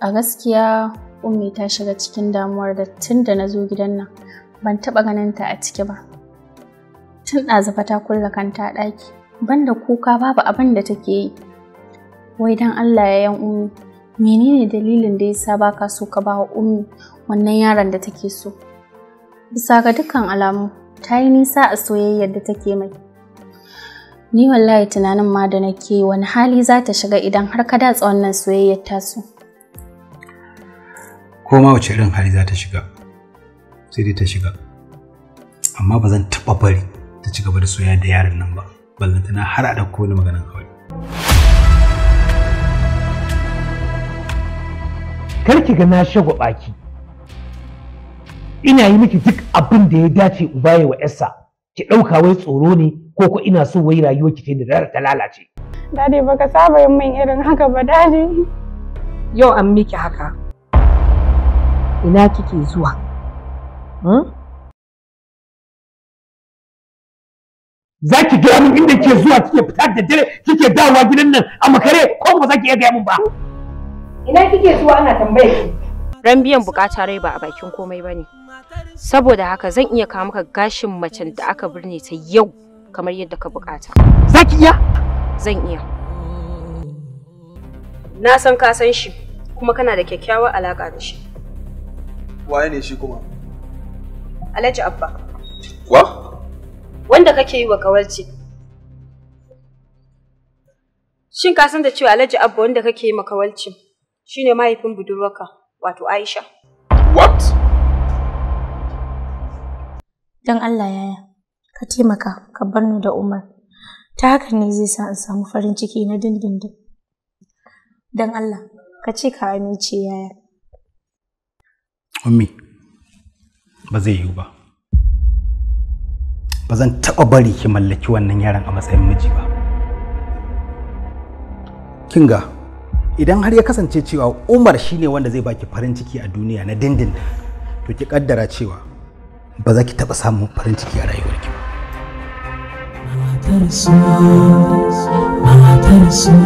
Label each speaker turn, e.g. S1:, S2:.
S1: A gaskiya Ummi ta shiga cikin damuwar da tun da na zo gidan nan ban taɓa ganin ta a ciki ba. Tun ɗazafa ta kulle kanta a ɗaki, banda kuka babu abin da take yi. Wai don Allah ya yan Ummi, menene dalilin da yasa sa ba so ka ba wa Ummi wannan yaron da take so? Bisa ga dukkan alamu, ta yi nisa a soyayyar da take mai. Ni wallahi tunanin ma da nake wani hali za ta shiga idan har ka datsa wannan soyayyar tasu.
S2: ko ma wace irin hali za ta shiga sai dai ta shiga amma ba zan taɓa bari ta ci gaba da soya da yaron nan ba tana har a ɗauko wani maganar aure. kar ki ga na shagwaba baki ina yi miki duk abin da ya dace uba ya wa yarsa ki ɗauka wai tsoro ne ko ko ina so wai rayuwa ki da da ta lalace.
S3: Dade baka saba yin min irin haka ba dade. Yau an miki haka. ina kike zuwa? Hmm? Za ki gaya min inda ke zuwa kike fita da dare kike dawowa gidan nan a makare ko ba za ki iya gaya min ba? Ina kike zuwa ana tambayar ki? Ran biyan bukata rai ba a bakin komai ba ne. Saboda haka zan iya kawo maka gashin macen da aka birne ta yau kamar yadda ka bukata. Za ki iya? Zan iya. Na san ka san shi kuma kana da kyakkyawar alaka da shi.
S2: waye ne shi kuma alhaji abba wa
S3: wanda kake yi wa kawarci shin ka san da cewa alhaji abba wanda kake yi ma kawalci shine mahaifin budurwarka wato aisha
S1: what dan allah yaya ka taimaka ka bar ni da umar ta haka ne zai sa in samu farin ciki na dindindin dan allah ka ce ka amince yaya
S2: mummy ba zai yiwu ba ba zan taɓa bari ki mallaki wannan yaron a matsayin miji ba kinga idan har ya kasance cewa umar shine wanda zai baki farin ciki a duniya na dindin to ki kaddara cewa ba za ki taɓa samun farin ciki a rayuwarki ba matar su matar su